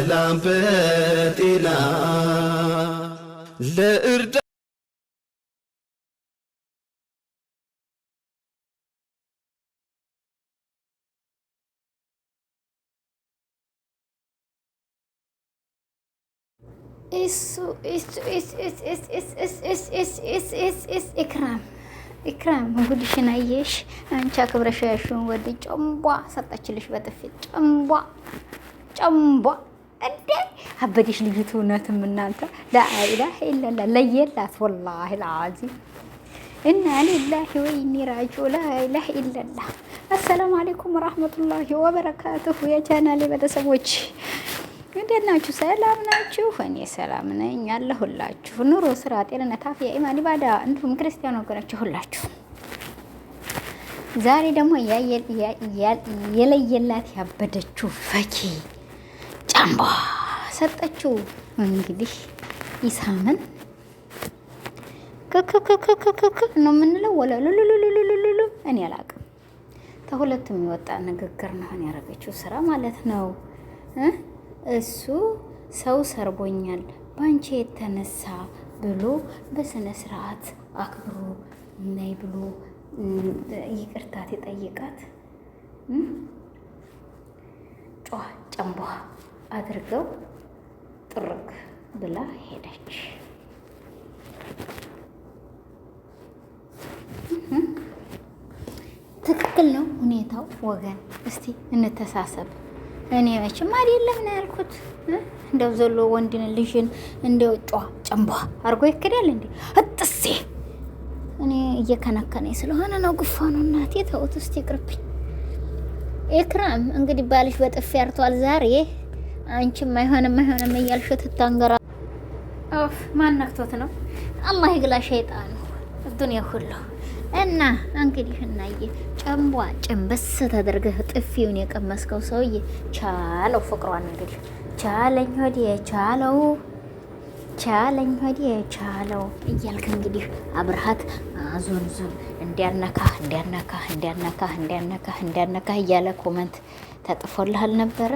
በሰላም በጤና ለእርዳ እሱ ኢክራም ኢክራም ጉድሽን አየሽ። አንቺ አክብረሽ ያሽውን ወድ ጨንቧ ሰጠችልሽ በጥፊ ጨንቧ ጨንቧ እንዴ አበዴሽ ልጅቱ እውነትም እናንተ ላኢላህ ኢለላ ለየላት ወላሂ ልዓዚም እና ሊላሂ ወይኒ ራጁ ላኢላህ ኢለላ። አሰላሙ አሌይኩም ወራህመቱላሂ ወበረካቱሁ የቻናሌ ቤተሰቦች እንዴት ናችሁ? ሰላም ናችሁ? እኔ ሰላም ነኝ አለሁላችሁ። ኑሮ፣ ስራ፣ ጤንነት፣ አፍያ፣ ኢማን፣ ኢባዳ እንዲሁም ክርስቲያን ወገኖች ሁላችሁ ዛሬ ደግሞ የለየላት ያበደችው ፈኪ ጫንቧ ሰጠችው። እንግዲህ ኢሳምን ክክክክክክ ነው የምንለው ወላ ሉሉሉሉሉሉ እኔ አላውቅም። ከሁለቱም የወጣ ንግግር ነው ያደረገችው ስራ ማለት ነው። እሱ ሰው ሰርቦኛል በአንቺ የተነሳ ብሎ በስነ ስርዓት አክብሮ ናይ ብሎ ይቅርታት የጠይቃት ጫንቧ አድርገው ጥርቅ ብላ ሄደች። ትክክል ነው ሁኔታው ወገን። እስቲ እንተሳሰብ። እኔ መቼም አይደለም ነው ያልኩት። እንደው ዘሎ ወንድን ልጅን እንደው ጫ ጨንቧ አርጎ ይክዳል እንዴ? እጥሴ እኔ እየከነከነኝ ስለሆነ ነው ጉፋ ነው እናቴ ተውት ውስጥ ይቅርብኝ። ኤክራም እንግዲህ ባልሽ በጥፊ ያርቷል ዛሬ አንቺም አይሆንም አይሆንም እያልሽ ትታንገራ ኦፍ ማን ነክቶት ነው። አላህ ይግላ ሸይጣኑ ዱንያ ሁሉ እና እንግዲህ እናዬ ጨንቧ ጭንብስ ተደርገህ ጥፊውን የቀመስከው ሰውዬ ቻለው፣ ፍቅሯን እንግዲህ ቻለኝ ሆዴ ቻለው፣ ቻለኝ ሆዴ ቻለው እያልክ እንግዲህ አብርሃት አዞን ዞን እንዲያነካህ እንዲያነካህ እንዲያነካህ እንዲያነካህ እንዲያነካህ እያለ ኮመንት ተጥፎልሃል ነበረ።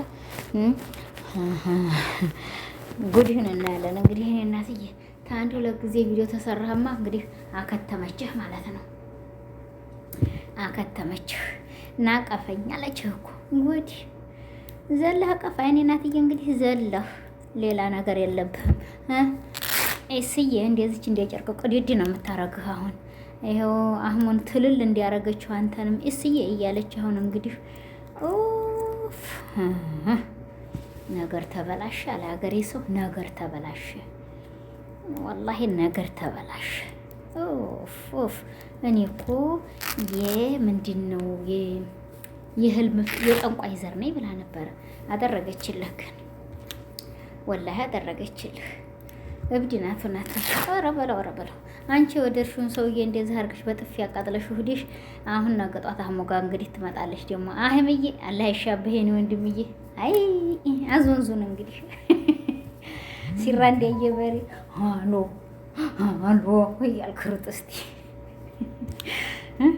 ጉድህን እናያለን። እንግዲህ እኔ እናትዬ ከአንድ ሁለት ጊዜ ቪዲዮ ተሰራህማ እንግዲህ አከተመችህ ማለት ነው። አከተመችህ እና አለችህ እኮ ጉድ ዘለህ እኔ እናትዬ እንግዲህ ዘለህ ሌላ ነገር የለብህም። ስዬ እንደዚች እንደ ቅድድ ነው የምታረግህ አሁን ይኸው አህሙን ትልል እንዲያረገችው አንተንም እስዬ እያለች አሁን እንግዲህ ነገር ተበላሸ፣ ለሀገሬ ሰው ነገር ተበላሸ፣ ወላሂ ነገር ተበላሸ። ፍ እኔ እኮ የምንድን ነው የህልም የጠንቋይ ዘር ነኝ ብላ ነበረ። አደረገችልህ ግን ወላሂ አደረገችልህ። እብድ ናት ናት። ኧረ በለው ኧረ በለው አንቺ የወደድሽውን ሰውዬ እንደዚህ አድርገሽ በጥፊ ያቃጥለሽ ሁዲሽ አሁን ነገ ጧት አህሙ እንግዲህ ትመጣለች ደግሞ። አህምዬ አላህ ይሻብህ ወንድምዬ። አይ አዞንዙን እንግዲህ ሲራ እንዳየ በሬ አሎ አሎ እያልክ ሩጥ እስኪ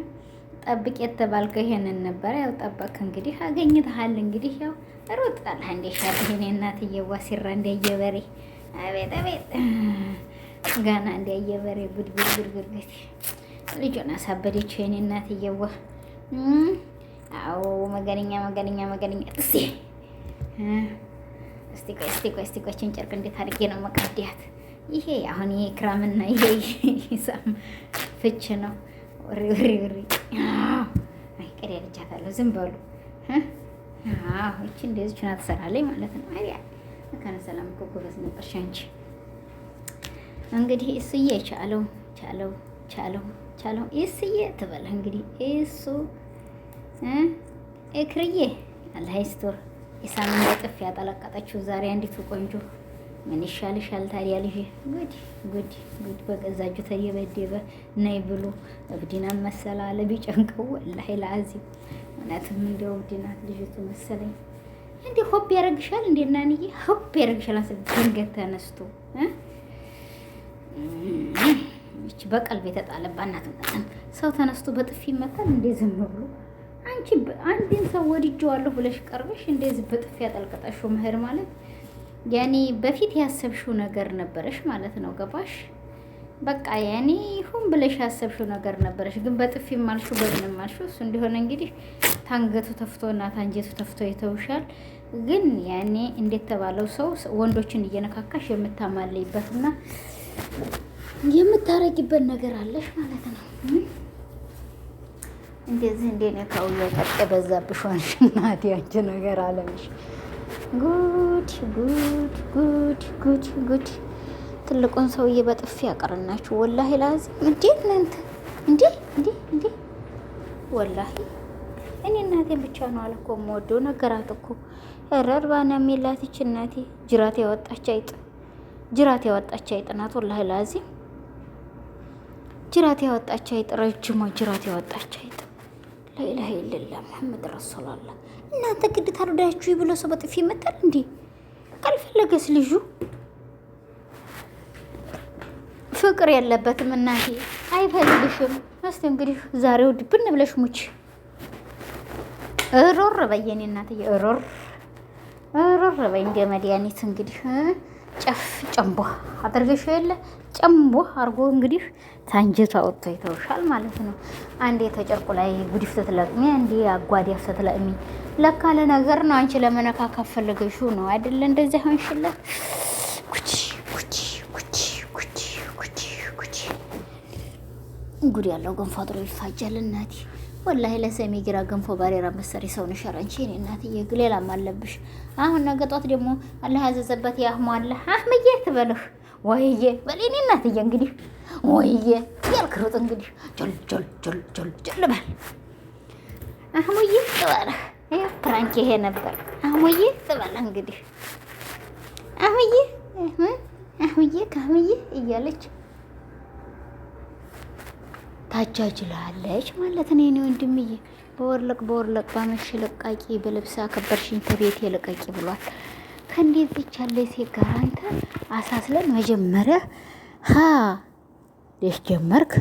ጠብቅ የተባልከው ይሄንን ነበረ። ያው ጠበቅ እንግዲህ አገኝተሃል። እንግዲህ ያው ሩጣል አላህ እንደሻል ይሄኔ እናትዬዋ ሲራ እንዳየ በሬ አቤት አቤት ጋና እንዳየ በሬ ጉድ ጉድጉድ ልጆን አሳበደችው የኔ እናትዬዋ። አዎ መገነኛ መገነኛ መገነኛ ጥሴ እስቲ ቆይ እስቲ ቆይ እስቲ ቆይችን ጨርቅ እንዴት አድርጌ ነው መቀዲያት? ይሄ አሁን ይሄ ክራምና ይሄ ሂሳም ፍች ነው። ወሬ ወሬ ወሬ አይ ቀሪ ልጃታለሁ። ዝም በሉ። አዎ እቺ እንደዚህ ቹና ትሰራለች ማለት ነው። አይ መካነ ሰላም እኮ ጎበዝ ነበርሽ አንቺ። እንግዲህ እስዬ ቻለው ቻለው ቻለው ቻለው እስዬ ትበል እንግዲህ እሱ እክርዬ አላህ ይስጥር። ኢሳምን በጥፍ ያጠለቀጠችው ዛሬ አንዲቱ ቆንጆ ምን ይሻልሻል ታዲያ ልጅ? ጉድ ጉድ ጉድ! በገዛ እጁ ተደበደበ። ነይ ብሎ እብዲና መሰላለ ቢጨንቀው ወላሂ ለአዚም እውነትም እንደው እብዲናት ልጅቱ መሰለኝ። እንዴ ሆብ ያደርግሻል እንዴ እናንዬ፣ ሆብ ያደርግሻል። አንተ ድንገት ተነስቶ እቺ በቀልብ የተጣለባት እናት ሰው ተነስቶ በጥፊ ይመታል እንዴ ዝም ብሎ አንቺ አንድን ሰው ወድጄዋለሁ ብለሽ ቀርበሽ እንደዚህ በጥፊ ያጠልቅጠሽው መሄድ ማለት ያኔ በፊት ያሰብሽው ነገር ነበረሽ ማለት ነው። ገባሽ? በቃ ያኔ ሁን ብለሽ ያሰብሽው ነገር ነበረሽ፣ ግን በጥፊ ማልሹ በምን ማልሹ እሱ እንዲሆነ እንግዲህ ታንገቱ ተፍቶ እና ታንጀቱ ተፍቶ ይተውሻል። ግን ያኔ ተባለው ሰው ወንዶችን እየነካካሽ የምታማልይበትና የምታረጊበት ነገር አለሽ ማለት ነው። እንደዚህ እንደነካው እየቀጥ በዛብሽዋል። እናቴ አንቺ ነገር አለምሽ ጉድ ጉድ ጉድ ጉድ ጉድ ትልቁን ሰውዬ በጥፊ ያቀርናችሁ። ወላሂ ላዚ እንዴት እናንተ እንዴ እንዴ እንዴ ወላሂ እኔ እናቴን ብቻ ነው አለኮ ሞዶ የምወደው። ነገራት እኮ ረርባና የሚላትች እናቴ ጅራት ያወጣች አይጥ ጅራት ያወጣች አይጥ ናት። ወላሂ ላዚ ጅራት ያወጣች አይጥ ረጅሞ ጅራት ያወጣች አይጥ ላኢላሀ ኢለላህ ሙሐመድ ረሱላላህ። እናንተ ግድ ካልወዳችሁ ብሎ ሰው በጥፊ ይመታል እንዴ? ካልፈለገስ ልጁ ፍቅር የለበትም እናቴ አይፈልግሽም። እስቲ እንግዲህ ዛሬው ድብን ብለሽ ሙች እሮር በየኔ እናትዬ እሮር እሮር በይ እንደ መድኃኒት እንግዲህ ጨፍ ጨምቦ አድርገሽ የለ ጨምቦ እንግዲህ ታንጀቱ ወጥቶ ይተውሻል ማለት ነው። አንዴ ተጨርቁ ላይ ጉድፍ ስትለቅሚ፣ አንዴ አጓዲያፍ ስትለቅሚ፣ ለካ ለነገር ነው። አንቺ ለመነካካት ፈልገሽው ነው አይደለ? እንደዚህ ሆንሽለት። ጉቺ ጉቺ ጉቺ ጉቺ ጉቺ ጉቺ ጉድ ያለው ገንፎ ጥሩ ይፋጀል እናቴ ወላሂ ለሰሚ ግራ ገንፎ ባሬራ መሰሪ ሰውን ሸር አንቺ እኔ እናትዬ ሌላም አለብሽ። አሁን ነገ ጧት ደግሞ አላህ ያዘዘበት ያህሙ አላህ አህምዬ ትበልህ ወይዬ በል እኔ እናትዬ እንግዲህ ወይዬ ያልክሩጥ እንግዲህ ጆል ጆል ጆል ጆል ጆል በል አህሙዬ ትበልህ። ይህ ፕራንክ ይሄ ነበር። አህሙዬ ትበልህ እንግዲህ አህሙዬ አህሙዬ ከአህሙዬ እያለች ታጃጅላለች ማለት ነው። እኔ ወንድምዬ በወርለቅ በወርለቅ ባመሽ ለቃቂ በልብስ አከበርሽኝ ተቤት የለቀቂ ብሏል። ከእንዴት ያለ ሴት ጋር አንተ አሳስለ መጀመሪያ ሀ ደስ ጀመርክ።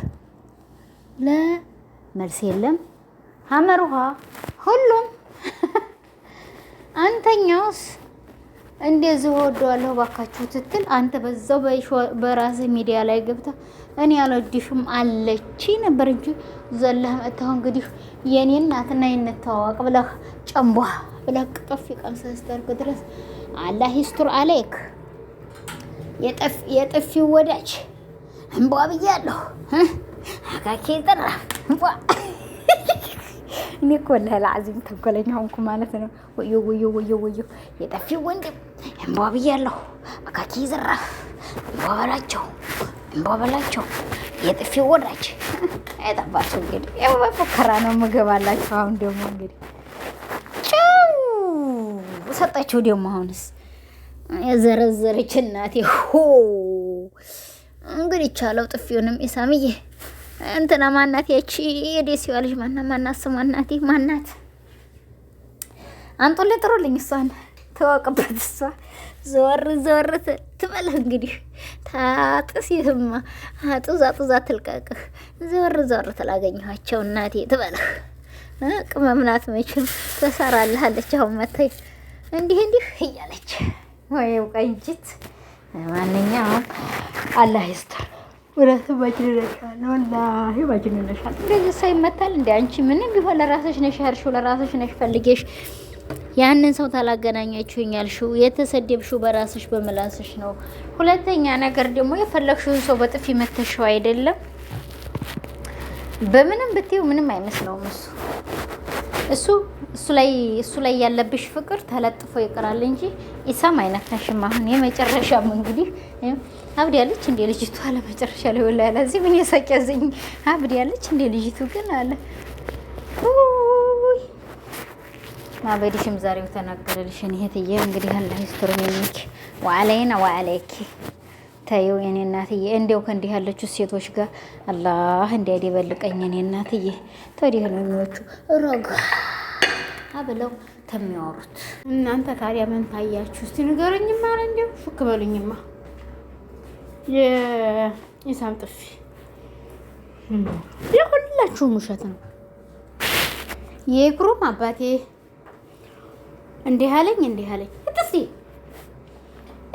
ለመልስ የለም ሀመር ሁሉም አንተኛውስ እንደዚህ ወደዋለሁ ባካችሁ ትትል አንተ በዛው በራስህ ሚዲያ ላይ ገብተህ እኔ ያልወድሽም አለች ነበር እንጂ ዘለህ መጥተው እንግዲህ የኔ እናትና የንተዋወቅ ብለህ ጨንቧ ብለህ ቅጥፍ ቀምሰ ስተርክ ድረስ አላህ ይስቱር አለይክ የጥፊ ወዳጅ እንቧ ብያለሁ። አካኬ ጠራ እንቧ እኔ እኮ ለአዚም ተንኮለኛ ሆንኩ ማለት ነው። ወዮ ወዮ ወዮ ወዮ የጠፊ ወንድም እንቧ ብያለሁ። አካኬ ዘራፍ እንቧ በላቸው በላቸው የጥፊ ወራች አይጠባችሁ። እንግዲህ ያው በፉከራ ነው ምግብ አላችሁ። አሁን ደግሞ እንግዲህ ጨው ሰጣችሁ። ደግሞ አሁንስ የዘረዘረች እናቴ ሆ እንግዲህ ቻለው ጥፊውንም ኢሳምዬ እንትና ማናት ያቺ የደሴዋ ልጅ ማና ማናት ስሟ እናቴ ማናት? አንጡልኝ ጥሩልኝ። እሷን ተዋቅበት እሷ ዘወር ዘወር ትበላ እንግዲህ ታጥስ ይህማ አጡዝ አጡዝ አትልቀቅህ። ዘወር ዘወር ትላገኘኋቸው እናቴ ትበላህ። ቅመምናት መችም መቼም ተሰራልሃለች። አሁን መታይ እንዲህ እንዲህ እያለች ወይም ቀንጅት። ማንኛውም አላህ ይስጥር። ወራተ ባጅነሻል ወላሂ ባጅነሻል። እንደዚህ ሳይመታል እንደ አንቺ ምንም ቢሆን ለራስሽ ነሽ ያርሽው፣ ለራስሽ ነሽ ፈልጌሽ ያንን ሰው ታላገናኛችሁኝ ያልሽው የተሰደብሽው በራስሽ በምላስሽ ነው። ሁለተኛ ነገር ደግሞ የፈለግሽውን ሰው በጥፊ መተሽው አይደለም። በምንም ብትይው ምንም አይመስለውም እሱ እሱ እሱ ላይ እሱ ላይ ያለብሽ ፍቅር ተለጥፎ ይቀራል እንጂ ኢሳም አይነካሽም። አሁን የመጨረሻም እንግዲህ አብድ ያለች እንደ ልጅቱ አለ መጨረሻ ላይ ወላ ያለ እዚህ ምን የሳቅ ያዘኝ አብድ ያለች እንደ ልጅቱ ግን አለ ማበዲሽም ዛሬው ተናገረልሽን እህትዬ። እንግዲህ አላህ ይስጥር ሚንክ ወአለይና ወአለይኪ ታየው የኔ እናትዬ፣ እንዲያው ከእንዲህ ያለችው ሴቶች ጋር አላህ እንዲያደበልቀኝ የኔ እናትዬ። ታዲያ ነው የሚወቹ ረጋ ብለው ተሚያወሩት እናንተ ታዲያ ምን ታያችሁ? እስቲ ንገረኝማ። ኧረ እንዲያው ሹክ በሉኝማ። የኢሳም ጥፊ የሁላችሁም ውሸት ነው። የግሩም አባቴ እንዲህ አለኝ እንዲህ አለኝ እትሲ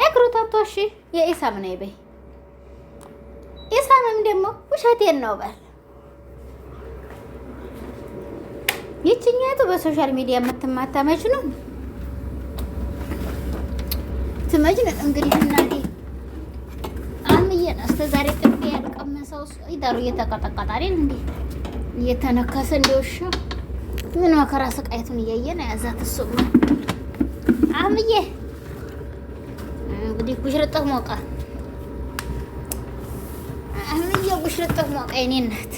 እግሩታቶ እሺ የኢሳም ነው ይበይ ኢሳምም ደግሞ ውሸቴን ነው በል። ይችኛቱ በሶሻል ሚዲያ የምትማታ ነው ትመጅነ እንግዲህ እናቴ አምዬን እስከ ዛሬ ጥቤ ያልቀመሰው ሰው ይዳሩ እየተቀጠቀጣ እንዴ እየተነከሰ እንደውሻ ምን መከራ ስቃይቱን እያየን ያዛት እሱቅ ነው። አህምዬ እንግዲህ ጉሽርጥህ ሞቀ። አህምዬ ጉሽርጥህ ሞቀ። የእኔ እናት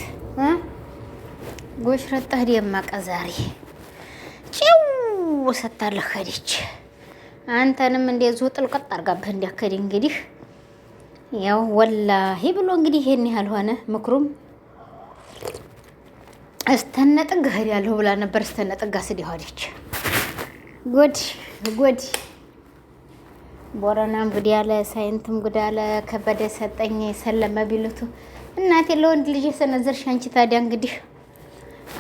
ጉሽርጥህ ደመቀ። ዛሬ ጭው ሰታለህ ከዲች አንተንም እንደዚሁ ጥልቅጥ አድርጋብህ እንዲያከድ እንግዲህ ያው ወላሂ ብሎ እንግዲህ ይሄን ያህል ሆነ ምክሩም ተነጥግ እህድ ያለሁ ብላ ነበር። ስተነጥግ አስድ ይሆነች ጎድ ጎድ ቦረናም ጉድ ያለ ሳይንትም ጉድ ያለ ከበደ ሰጠኝ ሰለመ ቢሉቱ እናቴ ለወንድ ልጅ የሰነዘርሽ አንቺ ታዲያ እንግዲህ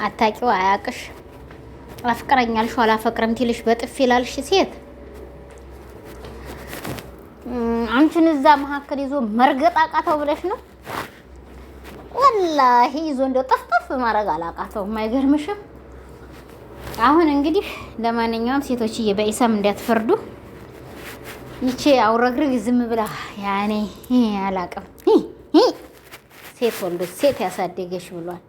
አታቂው አያቅሽ አፍቅረኛልሽ አላፈቅረም ትልሽ በጥፊ ላልሽ ሴት አንቺን እዛ መካከል ይዞ መርገጥ አቃተው ብለሽ ነው። ወላሂ ይዞ እንደው ጠፍጠፍ ማድረግ አላቃተውም። አይገርምሽም? አሁን እንግዲህ ለማንኛውም ሴቶችዬ በኢሳም እንዳትፈርዱ። ይቺ አውረግርግ ዝም ብላ ያኔ አላቅም ሴት ወልዶ ሴት ያሳደገች ብሏል።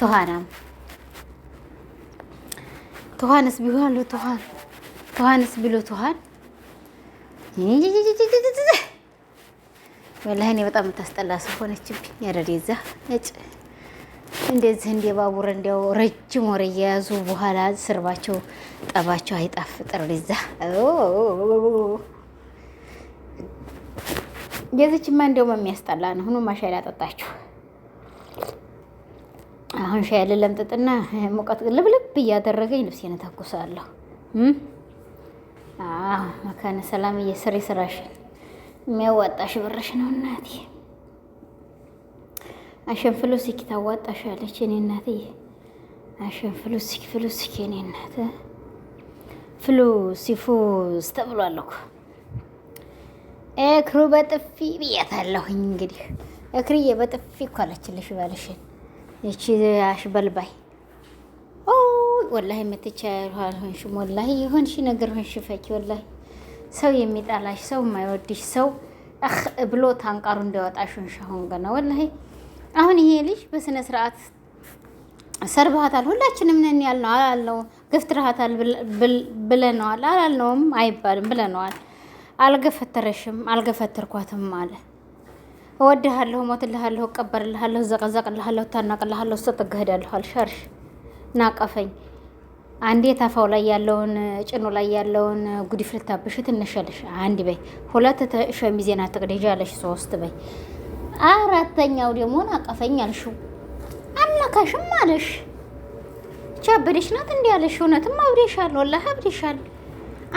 ትኋናም ትኋንስ ቢሆን ትኋን ትኋንስ ቢሉ ትኋን ወላሂ እኔ በጣም የምታስጠላ ሰው ሆነችብኝ። ያደሬዛ ነጭ እንደዚህ እንደ ባቡር እንዲያው ረጅም ወሬ እየያዙ በኋላ ስርባቸው ጠባቸው አይጣፍጥ። ሬዛ የዚችማ እንዲያውም የሚያስጠላ ነው። ሁኑ ማሻይ ላጠጣችሁ። አሁን ሻይ ልለምጥጥና ሙቀት ልብልብ እያደረገኝ ልብሴን ተኩሳለሁ። መካነ ሰላም እየስሪ ስራሽን የሚያዋጣሽ ብርሽ ነው እናቴ። አሸንፍሎ ስኪ ታዋጣሻለች የኔ እናትዬ። አሸንፍሎ ስኪ ፍሎ ስኪ የኔ እናት ፍሎ ሲፎስ ተብሏል እኮ እክሩ በጥፊ ብያታለሁኝ። እንግዲህ እክርዬ በጥፊ እኮ አለችልሽ ባልሽን። ይቺ አሽበልባይ ወላሂ የምትቻ ያልሆንሽ ወላሂ የሆንሽ ነገር ሆንሽ ፈኪ ወላሂ ሰው የሚጠላሽ ሰው የማይወድሽ ሰው ብሎ ታንቃሩ እንዳይወጣሽ ሻሁን ገና ወላሂ አሁን ይሄ ልጅ በስነ ስርዓት ሰርባሃታል ሁላችንም ነን ያልነው አላልነው ገፍትረሃታል ብለነዋል አላልነውም አይባልም ብለነዋል አልገፈተረሽም አልገፈተርኳትም አለ እወድሃለሁ እሞትልሃለሁ እቀበርልሃለሁ ዘቀዘቅልሃለሁ ታናቅልሃለሁ እሰጥ እገሄዳለሁ አልሻርሽ ናቀፈኝ አንዴ ታፋው ላይ ያለውን ጭኑ ላይ ያለውን ጉዲፍ ልታብሽ ትነሻለሽ። አንድ በይ፣ ሁለት ሸሚዜን አትቅደጃለሽ፣ ሶስት በይ፣ አራተኛው ደግሞ አቀፈኝ አልሽው፣ አመካሽም አለሽ። ቻበደሽ ናት እንዲ ያለሽ። እውነትም አብዴሻል፣ ወላሂ አብዴሻል።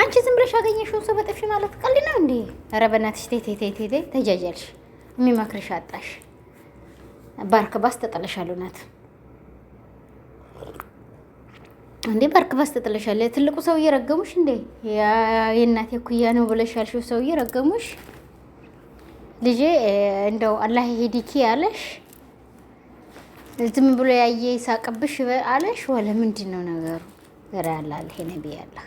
አንቺ ዝም ብለሽ ያገኘሽውን ሰው በጥፊ ማለት ቀልድ ነው እንዴ? ኧረ በእናትሽ ቴቴቴቴ ተጃጃልሽ፣ የሚመክርሽ አጣሽ። ባርክ ባስ ተጠለሻል። እውነት እንዴ በርክበስ ትጥለሻለህ። ትልቁ ሰውዬ ረገሙሽ እንዴ? የእናቴ ኩያ ነው ብለሽ ያልሽው ሰውዬ ረገሙሽ። ልጄ እንደው አላህ ሄዲኪ አለሽ፣ ዝም ብሎ ያየ ይሳቅብሽ አለሽ። ወለ ምንድን ነው ነገሩ? ገራ ያላል ይሄ ነቢይ ያለ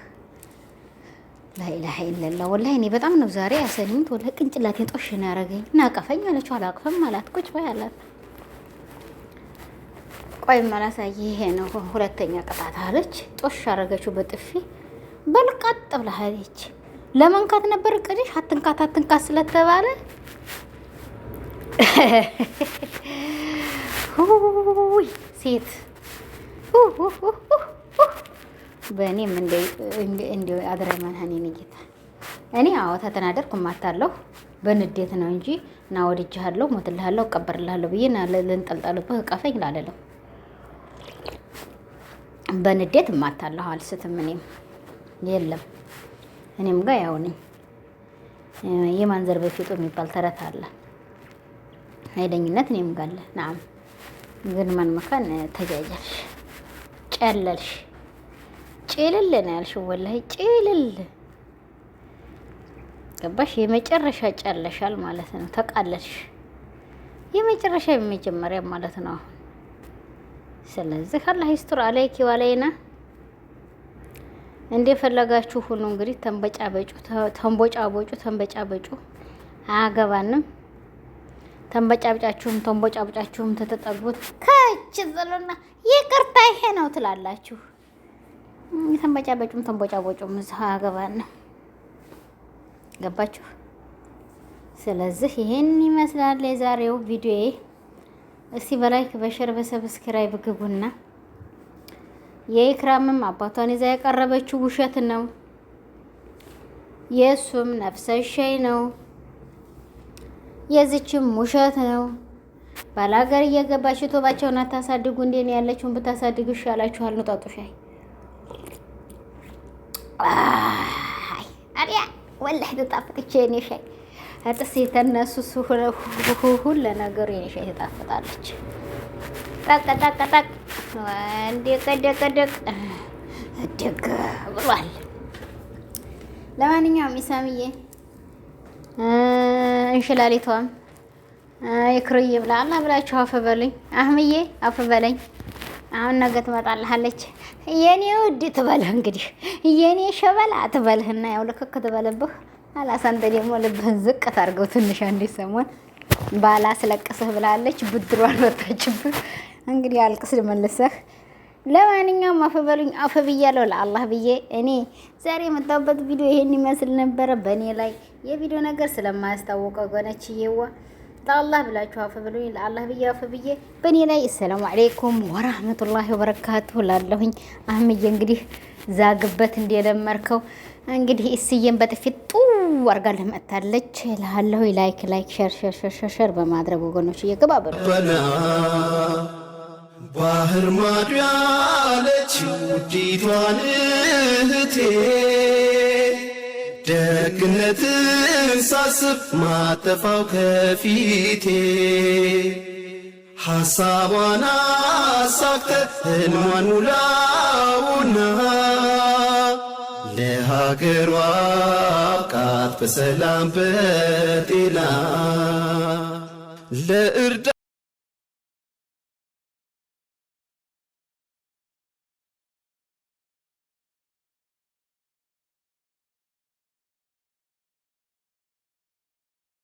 ላኢላሀ ኢለላ። ወላሂ እኔ በጣም ነው ዛሬ ያሰኒምት። ወላሂ ቅንጭላቴ ጦሽ ነው ያደረገኝ። ናቀፈኝ አለችው፣ አላቅፈም አላት። ቁጭ በይ አላት። ቆይ መላሳ ይሄ ነው ሁለተኛ ቅጣት አለች። ጦሽ አረገችው በጥፊ በልቃጥ ብላ ሄደች። ለመንካት ነበር ቅድሽ አትንካት አትንካት ስለተባለ ሁይ ሴት በእኔም እንዲ አድረመን ሀኔን ጌታ እኔ አዎ ተተናደርኩ ማታለሁ በንዴት ነው እንጂ እና ወድጃለሁ፣ ሞትልሃለሁ፣ ቀበርልሃለሁ ብዬ ልንጠልጠልብህ እቀፈኝ ላለለሁ በንዴት እማታለሁ አልስትም። እኔም የለም እኔም ጋር ያው ነኝ። የማንዘር በፊጡ የሚባል ተረት አለ። ኃይለኝነት እኔም ጋር አለ። ናም ግን ማን መካን ተጃጃልሽ፣ ጨለልሽ፣ ጭልል ነው ያልሽው። ወላሂ ጭልል ገባሽ። የመጨረሻ ጨለሻል ማለት ነው። ተቃለልሽ። የመጨረሻ የመጀመሪያ ማለት ነው። ስለዚህ አላህ ይስጥር አለይኪ ወአለይና እንደፈለጋችሁ ሁሉ እንግዲህ ተንበጫበጩ ተንቦጫቦጩ ተንበጫበጩ አያገባንም። ተንበጫብጫችሁም ተንቦጫብጫችሁም ተተጠጉት ከች ዘሎና ይቅርታ ይሄ ነው ትላላችሁ። ተንበጫበጩም ተንቦጫቦጩም እዚሁ አያገባንም። ገባችሁ? ስለዚህ ይሄን ይመስላል የዛሬው ቪዲዮዬ። እስቲ በላይክ በሸር በሰብስክራይብ ግቡና የኢክራምም አባቷን ይዛ ያቀረበችው ውሸት ነው። የእሱም ነፍሰ ሸይ ነው። የዚችም ውሸት ነው። ባላገር እየገባች ቶባቸውን አታሳድጉ እንዴን ያለችውን ብታሳድግ ይሻላችኋል። ነው ጣጡሻይ አዲያ ተጣፍጥቼ እኔ ሻይ እጥስ የተነሱ ሁሉ ነገሩ የኔ ትጣፍጣለች። ጠቅ ጠቅ ጠቅ እንዴት ደቅ ደቅ ደቅ ብሏል። ለማንኛውም ኢሳምዬ እንሽላሊቷም ይክሩይ ብላ አላ ብላችሁ አፈበሉኝ። አህምዬ አፈበለኝ። አሁን ነገ ትመጣልሃለች የኔ ውድ ትበልህ እንግዲህ የኔ ሸበላ ትበልህና ያው ልክክ ትበልብህ አላሳንተ ደግሞ ልብህን ዝቅ ታርገው ትንሽ አንዴ ሰሞን ባላ ባላስለቅስህ ብላለች። ብድሯን ወጣችብህ። እንግዲህ አልቅስ ልመልሰህ። ለማንኛውም አፈበሉኝ አፈ ብያለሁ ለአላህ ብዬ። እኔ ዛሬ የመጣሁበት ቪዲዮ ይሄን ይመስል ነበረ። በእኔ ላይ የቪዲዮ ነገር ስለማያስታወቀው ጎነችዬዋ ለአላህ ብላችሁ አፈ ብሉኝ። ለአላህ ብዬ አፈ ብዬ በእኔ ላይ አሰላሙ አሌይኩም ወራህመቱላሂ ወበረካቱሁ ላለሁኝ አህምዬ እንግዲህ ዛግበት እንደለመርከው እንግዲህ እስዬን በጥፊት ጡ አርጋ ለመታለች እልሃለሁ። ላይክ ላይክ ሸር ሸር ሸር ሸር በማድረግ ወገኖች እየገባበሉ ባህር ማዳለች ውዲቷን እህቴ ደግነትን ሳስብ ማጠፋው ከፊቴ ሐሳቧን አሳክተ ህልሟን ውላውና ለሀገሯ አብቃት በሰላም በጤና ለእርዳ